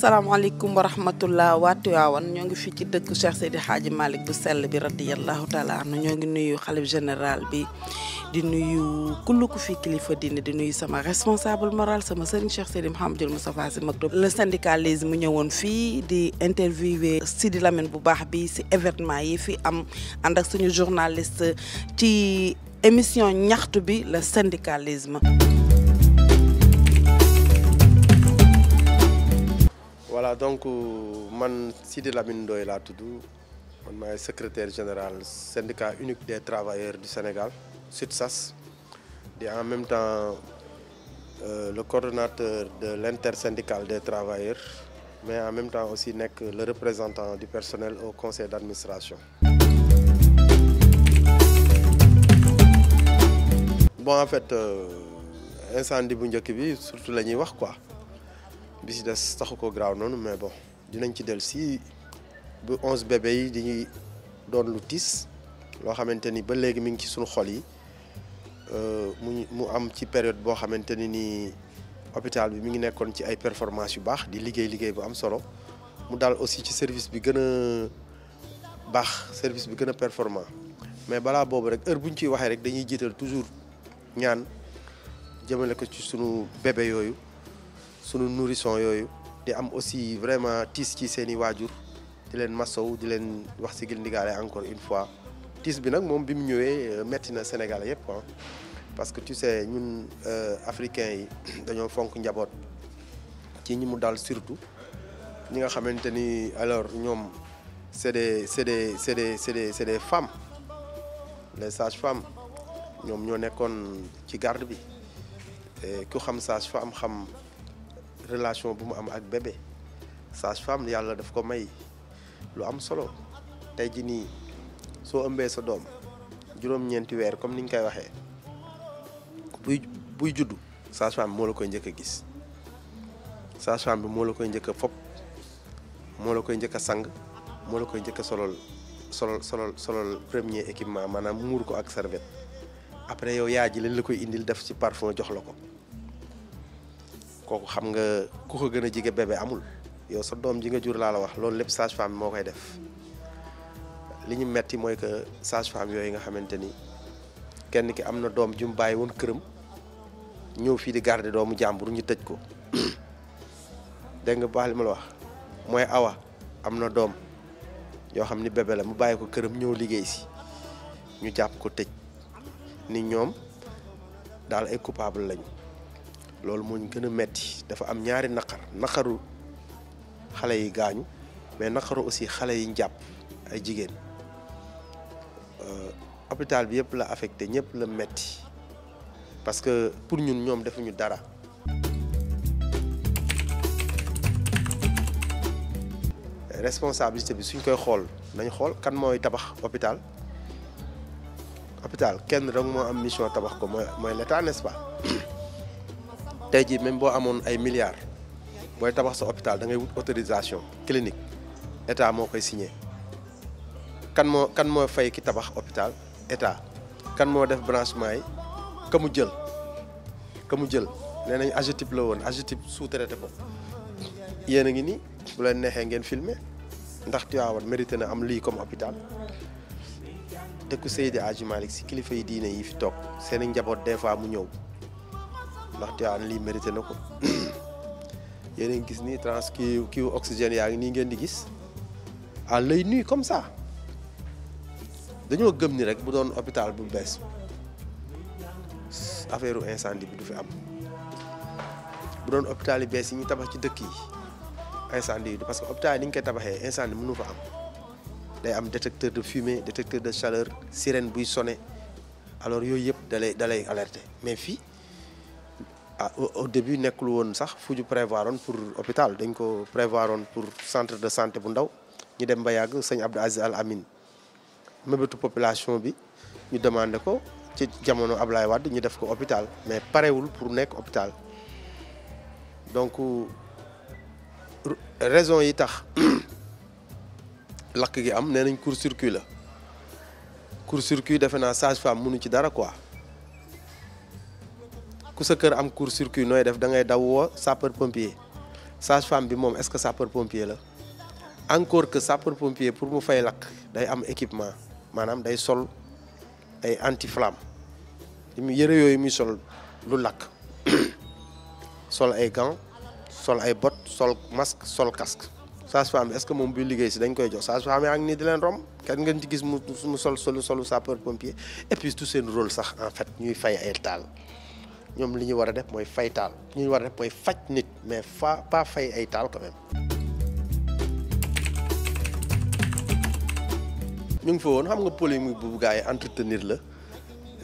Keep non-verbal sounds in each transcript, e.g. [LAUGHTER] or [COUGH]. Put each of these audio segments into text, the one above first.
asalaamaaleykum wa rahmatullah waa Tiwaawan ñoo ngi fii ci dëkku Cheikh Seydi Hadji Malick bu sell bi radiyallahu taala anhu ñoo ngi nuyu xalif général bi di nuyu kullu ku fi kilifa diine di nuyu sama responsable moral sama sëriñ Cheikh Seydi Mouhamadul Moustapha Sy Maktub la syndicalisme mu ñëwoon fii di interviewé Sidi Lamine bu baax bi si événement yi fi am ànd ak suñu journaliste ci émission ñaxtu bi la syndicalisme voilà donc euh, man Sidi Lamine Ndoye laa tudd man maay secrétaire général syndicat unique des travailleurs du Sénégal SUTSAS di en même temps euh, le coordonnateur de l'intersyndicale des travailleurs mais en même temps aussi nekk le représentant du personnel au conseil d'administration. bon en fait euh, incendie bu njëkk bi surtout la ñuy wax quoi. bi si des taxu ko graaw noonu mais bo dinañ ci del si bu onze bébé yi dañuy doon lu tiis loo xamante ni ba léegi mi ngi ci suñu xol yi euh, mu mu am ci période boo xamante ni nii hôpital bi mu ngi nekkoon ci ay performance yu baax di liggéey liggéey bu am solo mu daal aussi ci service bi gën a baax service bi gën a performant mais balaa boobu rek heure bu ñu ciy waxee rek dañuy jiital toujours ñaan jëmale ko ci sunu bébé yooyu. sunu nourrisson yooyu di am aussi vraiment tiis ci seen i waajur di leen massow di leen wax si gil ndigaale encore une fois tiis bi nag moom bi mu ñëwee euh, metti na Sénégal yëpp ah parce que tu sais ñun euh, africains yi [CLEARS THROAT] dañoo fonk njaboot ci ñi mu daal surtout ñi nga xamante ni alors ñoom c'est des c'est des c'est des c'est des c'est des femmes les sages-femmes ñoom ñoo nekkoon ci garde bi ku xam sage-femme xam relation bu mu am ak bébé sage femme yàlla daf ko may lu am solo tey ji nii soo ëmbee sa doom juróom-ñeenti weer comme ni ñu koy waxee buy buy juddu sage femme moo la koy njëkk gis sage bi moo la koy njëkk a fop moo la koy njëkk sang moo la koy njëkk solo solo solo solo solol premier équipement maanaam muur ko ak serviette après yow yaa ji lañ la koy indil def ci parfum jox la ko. kooku xam nga ku ko gën a jige bébé amul yow sa doom ji nga jur laa la wax loolu lépp sage femme moo koy def li ñu metti mooy que sage femme yooyu nga xamante ni kenn ki am na doom ju mu bàyyi woon këram ñëw fii di garder doomu jàmbur ñu tëj ko [CLEARS THROAT] dégg nga baax li ma la wax mooy awa am na doom yoo xam ni bébé la mu bàyyi ko këram ñëw liggéey si ñu jàpp ko tëj ni ñoom daal ay coupable lañu loolu moo ñu gën a metti dafa am ñaari naqar naqaru xale yi gaañu mais naqaru aussi xale yi ñu jàpp ay jigéen euh, hôpital bi yëpp la affecté ñëpp la metti parce que pour ñun ñoom defuñu dara. responsabilité bi suñ koy xool nañ xool kan mooy tabax hôpital hôpital kenn rek moo am mission tabax ko mooy mooy l'État tey jii même boo amoon ay milliards booy tabax sa hôpital da ngay wut autorisation clinique état moo koy signé kan moo kan moo fay ki tabax hôpital état kan moo def branchement yi ka mu jël ka mu jël nee nañ AGETIP la woon AGETIP sous-traité ko yéen a ngi nii bu leen neexee ngeen filmer ndax Tivaouane mérité na am lii comme hôpital dëkku Seydi Hadji Malick si kilifa yi diine yi fi toog seeni njaboot des fois mu ñëw. ndaxte Tivaouane lii mérité na ko [CLEARS THROAT] yéen gis ni trans kii kii yaa ngi nii ngeen di gis à l'œil nu comme ça dañoo gëm ni rek bu doon hôpital bu bees affaire incendie bi du fi am bu doon hôpital yu bees yi ñu tabax ci dëkk yi incendie yi parce que hôpital yi ni ñu koy tabaxee incendie mënu fa am day am détecteur de fumée détecteur de chaleur sirène buy sone alors yooyu yëpp dalay dalay alerte mais fii ah au début nekkul woon sax fu prévoir woon pour hôpital dañ ko prévoir woon pour centre de santé bu ndaw ñu dem ba yàgg sëñ Abdou Aziz Al Amin mébétu population bi ñu demandé ko ci jamono Ablaye Wade ñu def ko hôpital mais parewul pour nekk hôpital donc euh, raison yi tax [CLEARS THROAT] lakk gi am nee nañ court circuit la court circuit defe naa sage-femme mënu ci dara quoi ku sa kër am court circuit nooy def da ngay daw woo sapeur pompier sage femme bi moom est-ce que sapeur pompier la encore que sapeur pompier pour mu fay lakk day am équipement maanaam day sol ay anti mu yëre yooyu muy sol lu lakk [COUGHS] sol ay gants sol ay bot sol masque sol casque sage-femme bi est-ce que moom buy liggéey si dañ koy jox sage-femme yaa ngi nii di leen rom kenn ngeen ci gis mu mu sol solu solu sapeur pompier et puis tout seen role sax en fait ñuy fay ay taal ñoom li ñu war a def mooy fay taal war a def faj nit mais fa pas fay ay taal quand même. ñu fa woon xam nga polémique bu gars yi entretenir la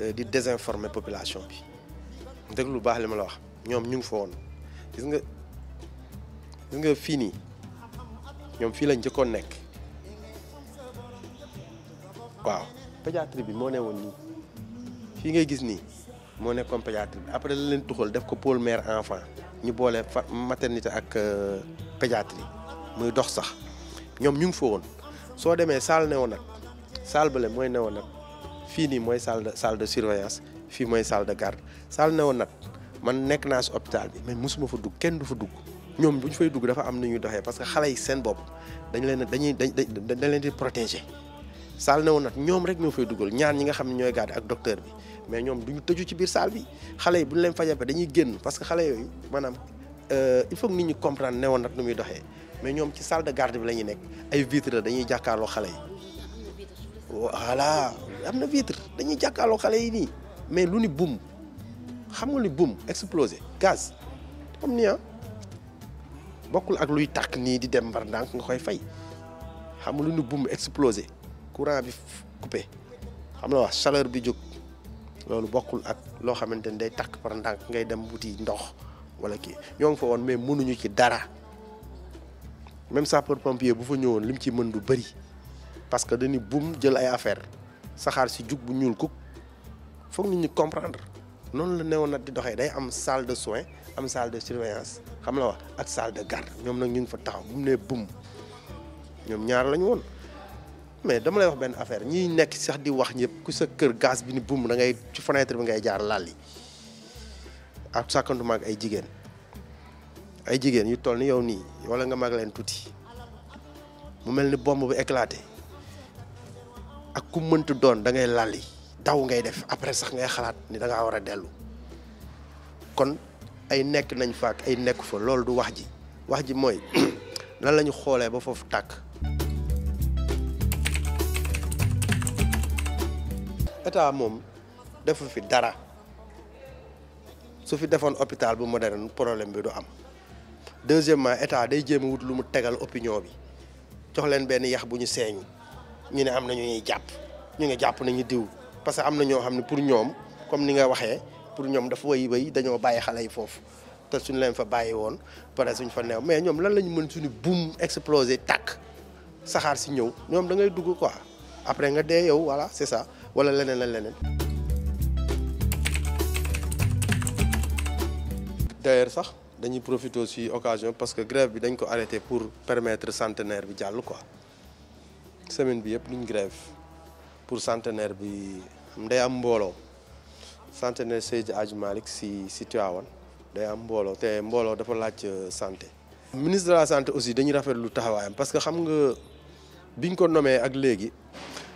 euh, di désinformer population bi dégg lu baax li ma la wax ñoom ñu ngi fa woon gis nga gis nga fii nii ñoom fii lañ njëkkoon nekk waaw pédiatrie bi moo ne woon nii fii ngay gis nii moo nekkoon pédiatrie bi après la leen tuxal def ko pôle mère enfant ñu boole fa maternité ak euh, pédiatrie muy dox sax ñoom ñu ngi woon soo demee salle nag salle bële mooy néonat fii nii mooy salle de salle surveillance fii mooy salle de garde woon nag man nekk naa si hôpital bi mais mosuma fa dugg kenn du fa dugg ñoom bu ñu fay dugg dafa am nu ñuy doxee parce que xale yi seen bopp dañ leen dañuy dañ dañ leen di protéger. salle néonat ñoom rek ñoo fay dugal ñaan ñi nga xam ne ñooy garde ak docteur bi mais ñoom duñu tëju ci biir salle bi xale yi bu ñu leen fajee ba dañuy génn parce que xale yooyu maanaam euh, il faut que nit ñi comprendre néonat nu muy doxee mais ñoom ci salle de garde bi la ñuy nekk ay vitre la dañuy jàkkaaloo xale yi voilà am na vitre dañuy jàkkaarloo xale yi nii mais lu ni buum xam nga lu buum explosé gaz comme ni ah bokkul ak luy takk nii di dem mbar ndànk nga koy fay xam lu ni bum explosé courant bi coupé xam na wax chaleur bi jóg loolu bokkul ak loo xamante ni day takk par ndànk ngay dem wuti ndox wala kii ñoo ngi fa woon mais mënuñu ci dara même sapeur pompier bu fa ñëwoon lim ci mën du bëri parce que dañuy buum jël ay affaire saxaar si jug bu ñuul kuk foog nit ñu comprendre noonu la newoon nag di doxee day am salle de soins am salle de surveillance xam na wax ak salle de garde ñoom nag ñu ngi fa taxaw bu mu nee buum ñoom ñaar lañu woon. mais dama lay wax benn affaire ñiy nekk sax di wax ñëpp ku sa kër gaz bi ni buum da ngay ci fenêtre bi ngay jaar lal yi ak sàkkantuma ay jigéen ay jigéen yu toll ni yow nii wala nga mag leen tuuti mu mel ni bomb bu éclaté ak ku mënti doon da ngay lal yi daw ngay def après sax ngay xalaat ni da ngaa war a dellu kon ay nekk nañ fa ak ay nekku fa loolu du wax ji wax ji mooy [CLEARS THROAT] lan lañu xoolee ba foofu tàkk. état moom defu fi dara su fi defoon hôpital bu moderne problème bi du am deuxièmement état day jéem a wut lu mu tegal opinion bi jox leen benn yax bu ñu seeñ ñu ne am na ñu ñuy jàpp ñu ngi jàpp nañu diw parce que am na ñoo xam ne pour ñoom comme ni nga waxee pour ñoom dafa way way dañoo bàyyi xale yi foofu te suñu leen fa bàyyi woon pare suñ fa neew mais ñoom lan lañu mën suñu buum exploser tàkk saxaar si ñëw ñoom da ngay dugg quoi après nga dee yow voilà ça wala leneen ak leneen. d'ailleurs sax dañuy profité aussi occasion parce que grève bi dañ ko arrêté pour permettre centenaire bi jàll ko semaine bi yëpp duñ grève pour centenaire bi xam day am mbooloo centenaire Seydi Hadji Malick si si Tivaouane day am mbooloo te mbooloo dafa laaj euh, santé. ministre de la santé aussi dañuy rafetlu taxawaayam parce que xam nga biñ ko nomee ak léegi.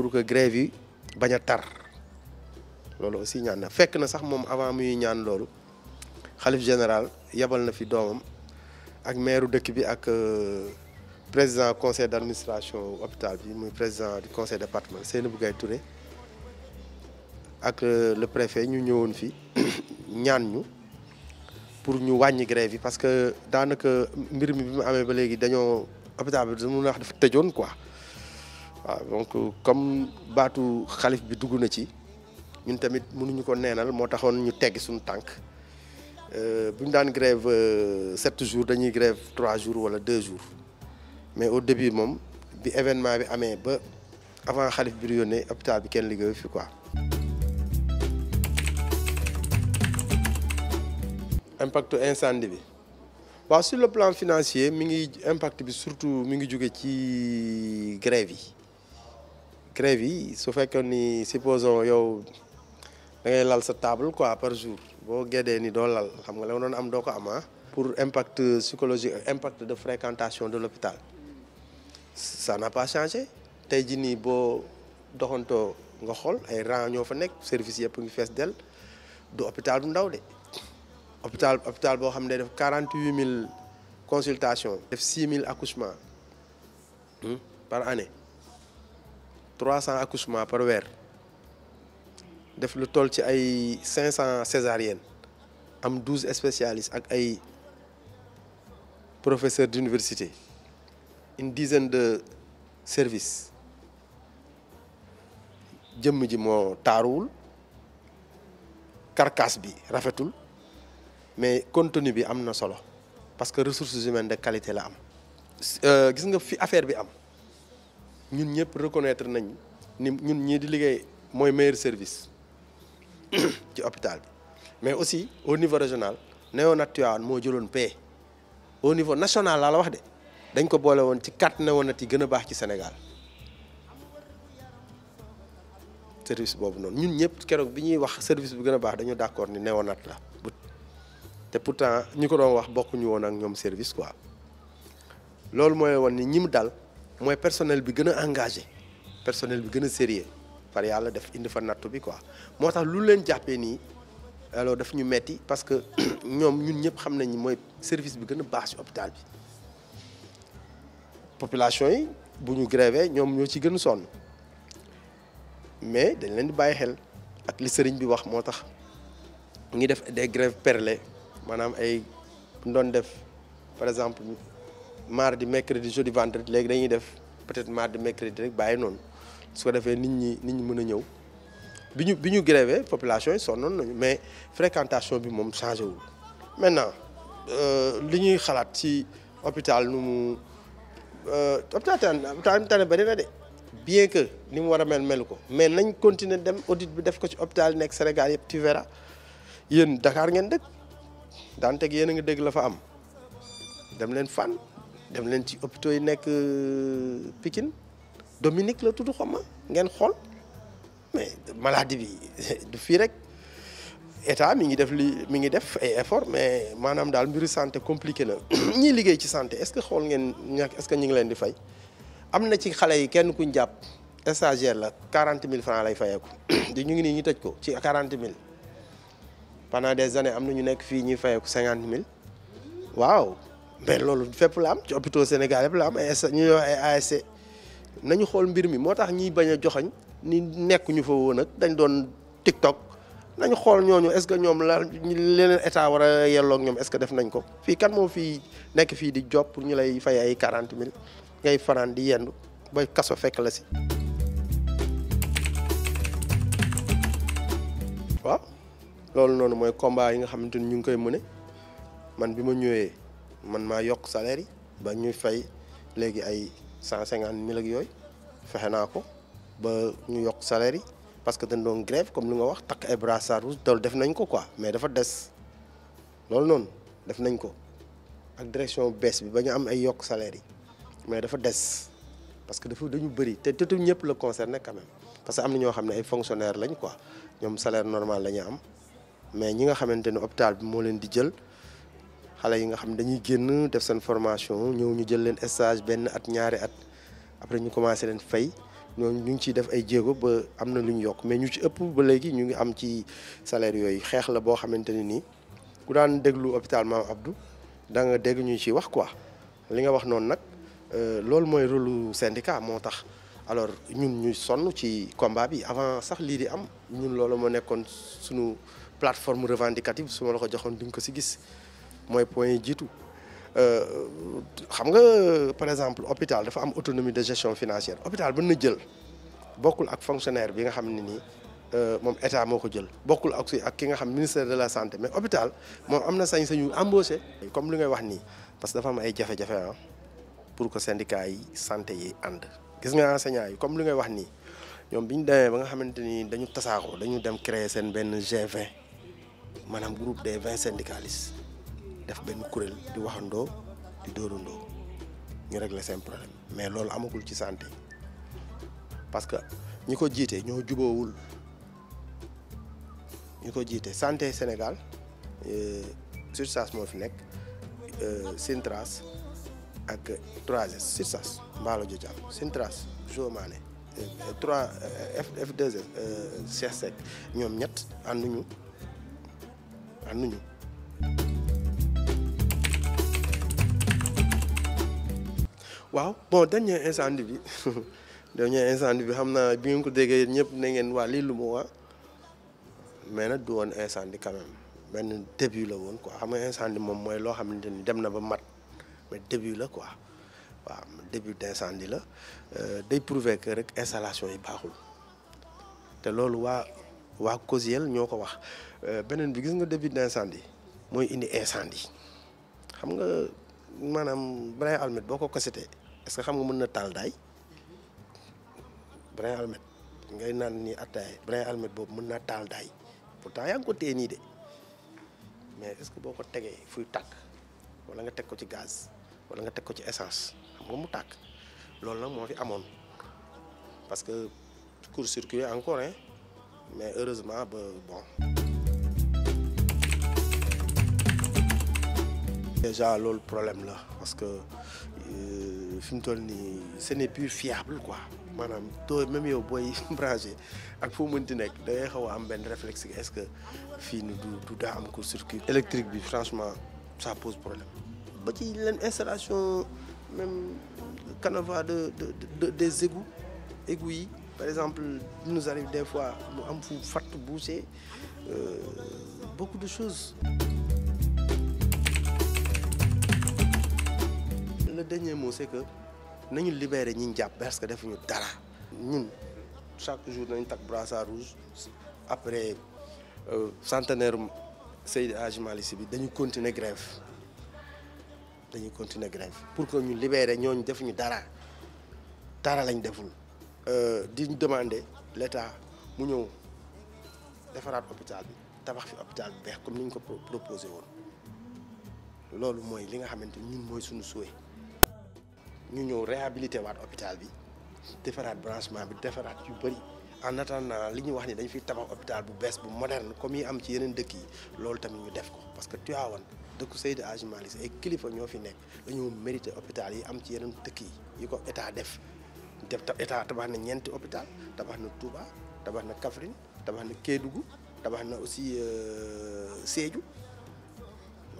pour que grève yi bañ a tar loolu aussi ñaan na fekk na sax moom avant muy ñaan loolu xalif général yebal na fi doomam ak maire dëkk bi ak euh, président conseil d' administration hôpital bi muy président du conseil département Seynabou Gaye Touré ak euh, le préfet ñu ñëwoon fi [COUGHS] ñaan ñu pour ñu wàññi grève yi parce que daanaka mbir mi bi mu amee ba léegi dañoo hôpital bi dañu wax dafa tëjoon quoi waaw donc comme baatu xalif bi dugg na ci ñun tamit mënuñu ko neenal moo taxoon ñu tegg suñu tànk euh, bu ñu daan grève euh, sept jour dañuy grève trois jour wala deux jours mais au début moom bi événement bi amee ba avant xalif bi di yónnee hôpital bi kenn liggéeyu fi quoi. impact incendie bi waaw sur le plan financier mi ngi impact bi surtout mi ngi jóge ci grève yi. crève yi su fekkee ni supposons yow da ngay lal sa table quoi par jour boo géddee ni doo lal xam nga la nga doon am doo ko am ah. pour impact psychologique impact de fréquentation de l'hôpital ça n'a pas changé tey jii nii boo doxantoo nga xool ay rang ñoo fa nekk service yëpp ngi fees del du hôpital bu ndaw de hôpital hôpital boo xam ne def quarante huit mille consultations def six mille accouchements hmm, par année trois cent accouchements par weer def lu toll ci ay cinq cent césariennes am douze spécialistes ak ay professeurs d'université une dizaine de services jëmm ji moo taaruwul carcasse bi rafetul mais contenu bi am na solo parce que ressources humaines de qualité la am euh, gis nga fi affaire bi am ñun ñëpp reconnaitre nañ ni ñun ñii di liggéey mooy meilleur service [COUGHS] ci hôpital bi mais aussi au niveau régional néonat Tivaouane moo jëloon paie au niveau national laa la wax de dañ ko boole woon ci quatre néonat yi gën a baax ci senegal service boobu noonu ñun ñëpp keroog bi ñuy wax service bu gën a baax dañu d'accord ni néonat la bu te pourtant ñi ko doon wax bokkuñu woon ak ñoom service quoi loolu mooy woon ni ñi mu dal. mooy personnel bi gën a engagé personnel bi gën a sérieux par yàlla def indi fa nattu bi quoi moo tax lu leen jàppee nii alors daf ñu metti parce que [CLEARS THROAT] ñoom ñun ñëpp xam nañ mooy service bi gën a baax ci hôpital bi population yi bu ñu grévé ñoom ñoo ci gën a sonn mais dañ leen di bàyyi xel ak li sëriñ bi wax moo tax ngi def des grèves perle maanaam ay doon def par exemple mardi mercredi jeudi vendredi léegi dañuy def peut-être mardi mercredi rek bàyyi noonu su ko defee nit ñi nit ñi mën a ñëw bi ñu bi ñu grévé population yi noonu nañu mais fréquentation bi moom changé wul maintenant euh, li ñuy xalaat ci hôpital nu mu euh, hôpital tane tane bëri na de bien que ni mu war a mel melu ko mais nañ continuer dem audit bi def ko ci hôpital nekk Sénégal yëpp tu verras yéen Dakar ngeen dëkk daanaka yéen a nga dégg la fa am dem leen fan dem leen ci hôpitaux yi nekk euh, Pikine Dominique la tudd xawma ngeen xool mais maladie bi [LAUGHS] du fii rek état mi ngi def li mi ngi def ay effort mais maanaam daal mbiru santé compliqué na [CLEARS THROAT] ñiy liggéey ci santé est-ce que xool ngeen ñàkk est que ñu ngi leen di fay am na ci xale yi kenn kuñ jàpp stagiaire la quarante mille francs lay fayeeku [CLEARS THROAT] di ngi nii ñu tëj ko ci quarante mille pendant des années am na ñu nekk fii ñuy fayeeku cinquante mille waaw mais loolu fépp la am ci hôpitaux Sénégal yëpp la am ay ñu yor ay ASC nañu xool mbir mi moo tax ñiy bañ a joxañ ni nekk ñu fa woon dañ doon TikTok nañu xool ñooñu est-ce que ñoom la leneen état war a yelloog ñoom est-ce que def nañ ko fii kan moo fii nekk fii di job pour ñu lay fay ay quarante mille ngay fanaan di yendu ba kaso fekk la si waaw loolu noonu mooy combat yi nga xamante ni ñu ngi koy mëne man bi ma ñëwee man maa yokk salaire yi ba ñuy fay léegi ay cent cinquante mille ak yooyu fexe naa ko ba ñu yokk salaire yi parce que dañ doon grève comme li nga wax takk ay brassard rouge loolu def nañ ko quoi mais dafa des loolu noonu def nañ ko ak direction bees bi ba ñu am ay yokk salaire yi mais dafa des parce que dafa dañu bëri te tëtu ñëpp la concerné quand même parce que am na ñoo xam ne ay fonctionnaire lañ quoi ñoom salaire normal la ñu am mais ñi nga xamante ne hôpital bi moo leen di jël xale yi nga xam dañuy génn def seen formation ñëw ñu jël leen stage benn at ñaari at après ñu commencé leen fay ñooñu ñu ngi ciy def ay jéego ba am na lu ñu yokk mais ñu ci ëpp ba léegi ñu ngi am ci salaire yooyu xeex la boo xamante ne nii ku daan déglu hôpital Maam Abdou da dégg ñu ci wax quoi li nga wax noonu nag euh, loolu mooy rôle syndicat moo tax alors ñun ñu sonn ci combat bi avant sax lii di am ñun loolu moo nekkoon suñu plateforme revendicative su ma la ko joxoon di nga ko si gis. mooy point yi jiitu euh, xam nga par exemple hôpital dafa am autonomie de gestion financière hôpital mën na jël bokkul ak fonctionnaire bi nga xam ne nii euh, moom état moo ko jël bokkul ak si ak ki nga xam ministère de la santé mais hôpital moom am na sañ-sañu embauché comme li ngay wax nii parce que dafa am ay jafe-jafe ah pour que syndicat yi santé yi ànd gis nga enseignants yi comme li ngay wax nii ñoom bi ñu demee ba nga xamante ni dañu tasaaroo dañu dem créer seen benn G20 maanaam groupe des vingt syndicalistes def benn kuréel di waxandoo di dóorandoo ñu régler seen problème mais loolu amagul ci santé parce que ñi ko jiite ñoo juboowul ñi ko jiite santé Sénégal euh, SUTSAS moo fi nekk euh, Sintras ak 3S SUTSAS Mballo Dia Sintras Jomane euh, 3 F F2S Cheikh Seck ñoom ñett ànduñu ànduñu. waaw bon dernier incendie bi [LAUGHS] dernier incendie bi xam naa bi nga ko déggee ñëpp na ngeen waa lii lu mu waa mais nag du woon incendie quand même benn la woon ko xam nga incendie moom mooy loo xamante ni dem na ba mat mais quoi waaw début d'incendie la euh, day prouver rek installation yi baaxul te loolu waa waa COSIEL ñoo ko wax euh, beneen bi gis nga début d'incendie mooy indi incendie xam nga maanaam Ibrahima Almet boo ko kasetee est que xam nga mun na taal daay brin almet ngay naan ni attaay brin almet boobu mën naa taal daay pourtant yaa ngi ko téye nii de mais est-ce que boo ko tegee fuy tàkk wala nga teg ko ci gaz walla nga teg ko ci essence xam nga mu tàkk loolu nag moo fi amoon parce que court-circuit encore mais heureusement ba bon. déjà loolu problème la parce que. Euh, fi mu toll nii ce n'est plus fiable quoi maanaam too même yow booy [LAUGHS] branché ak foo mën mënti nekk da ngay xaw a am benn réflexe est-ce que fii ni du du daa am court-circuit électrique bi franchement ça pose problème ba ci leen installation même canevas de de, de des égouts égouts yi par exemple il nous arrive des fois mu am fu fatt bouché euh, beaucoup de choses dernier mot c'est que nañu libéré ñi ñu jàpp parce que defuñu dara. ñun chaque jour nañu takk brassard rouge après euh, centenaire Seydi Hadji Malick Sy bi dañu continuer grève dañu continuer grève pour que ñu libéré ñooñu defuñu dara dara lañ deful. Euh, di ñu demander l'État mu ñëw defaraat hôpital bi tabax fi hôpital bi beex comme ni ñu ko proposé woon loolu mooy li nga xamante ñun mooy suñu souhait. ñu ñëw réhabilité waat hôpital bi defaraat branchement bi defaraat yu bëri en attendant li ñu wax ni dañ fiy tabax hôpital bu bees bu moderne comme yi am ci yeneen dëkk yi loolu tamit ñu def ko parce que Tivaouane dëkku Seydi Hadji Malick ay kilifa ñoo fi nekk dañoo mérité hôpital yi am ci yeneen dëkk yi yi ko état def def état tabax na ñeenti hôpital tabax na Touba tabax na kafrin tabax na kéedugu tabax na aussi euh, Sédhiou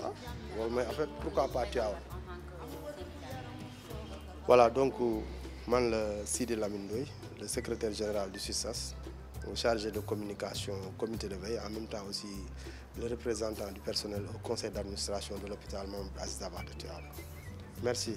waaw loolu mooy en pour pourquoi pas Tivaouane voilà donc man la Sidi Lamine Ndoye le secrétaire général du SUTSAS chargé de communication comité de veille en même temps aussi le représentant du personnel au conseil d'administration de l'hôpital Mamadou Aziz Dabakh de Tivaouane merci